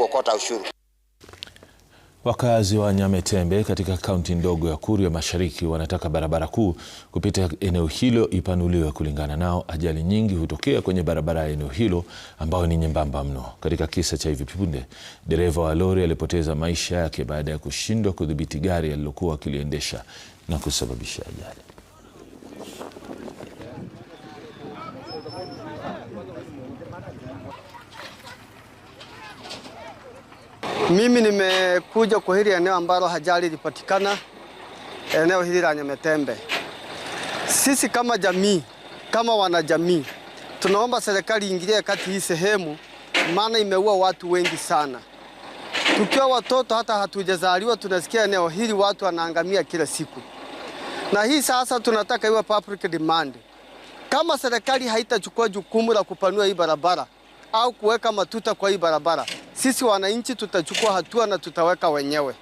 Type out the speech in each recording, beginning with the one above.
kuokota ushuru. Wakazi wa Nyametembe katika kaunti ndogo ya Kuria Mashariki wanataka barabara kuu kupita eneo hilo ipanuliwe. Kulingana nao, ajali nyingi hutokea kwenye barabara ya eneo hilo ambayo ni nyembamba mno. Katika kisa cha hivi punde, dereva wa lori alipoteza maisha yake baada ya kushindwa kudhibiti gari alilokuwa akiliendesha na kusababisha ajali. Mimi nimekuja kwa hili eneo ambalo ajali ilipatikana, eneo hili la Nyametembe. Sisi kama jamii, kama wanajamii, tunaomba serikali iingilie kati hii sehemu, maana imeua watu wengi sana. Tukiwa watoto hata hatujazaliwa, tunasikia eneo hili watu wanaangamia kila siku, na hii sasa tunataka iwe public demand. Kama serikali haitachukua jukumu la kupanua hii barabara au kuweka matuta kwa hii barabara sisi wananchi tutachukua hatua na tutaweka wenyewe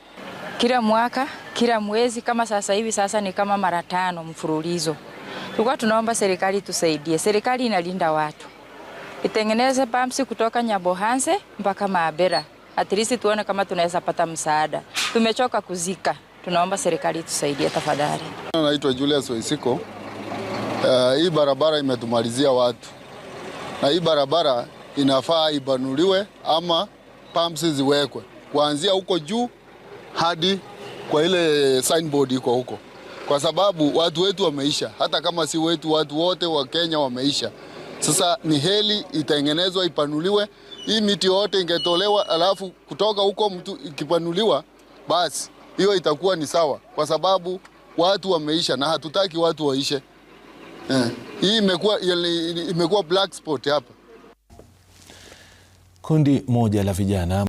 kila mwaka, kila mwezi. Kama sasa hivi, sasa ni kama mara tano mfululizo. Tulikuwa tunaomba serikali tusaidie. Serikali inalinda watu, itengeneze pamsi kutoka Nyabohanse mpaka Maabera, at least tuone kama tunaweza pata msaada. Tumechoka kuzika, tunaomba serikali tusaidie tafadhali. Naitwa Julius Waisiko. Uh, eh, hii barabara imetumalizia watu na hii barabara inafaa ibanuliwe ama pumps ziwekwe kuanzia huko juu hadi kwa ile signboard iko huko, kwa sababu watu wetu wameisha, hata kama si wetu, watu wote wa Kenya wameisha. Sasa ni heli itengenezwa ipanuliwe, hii miti yote ingetolewa, alafu kutoka huko mtu ikipanuliwa, basi hiyo itakuwa ni sawa, kwa sababu watu wameisha na hatutaki watu waishe. Eh, hii imekuwa imekuwa black spot hapa. Kundi moja la vijana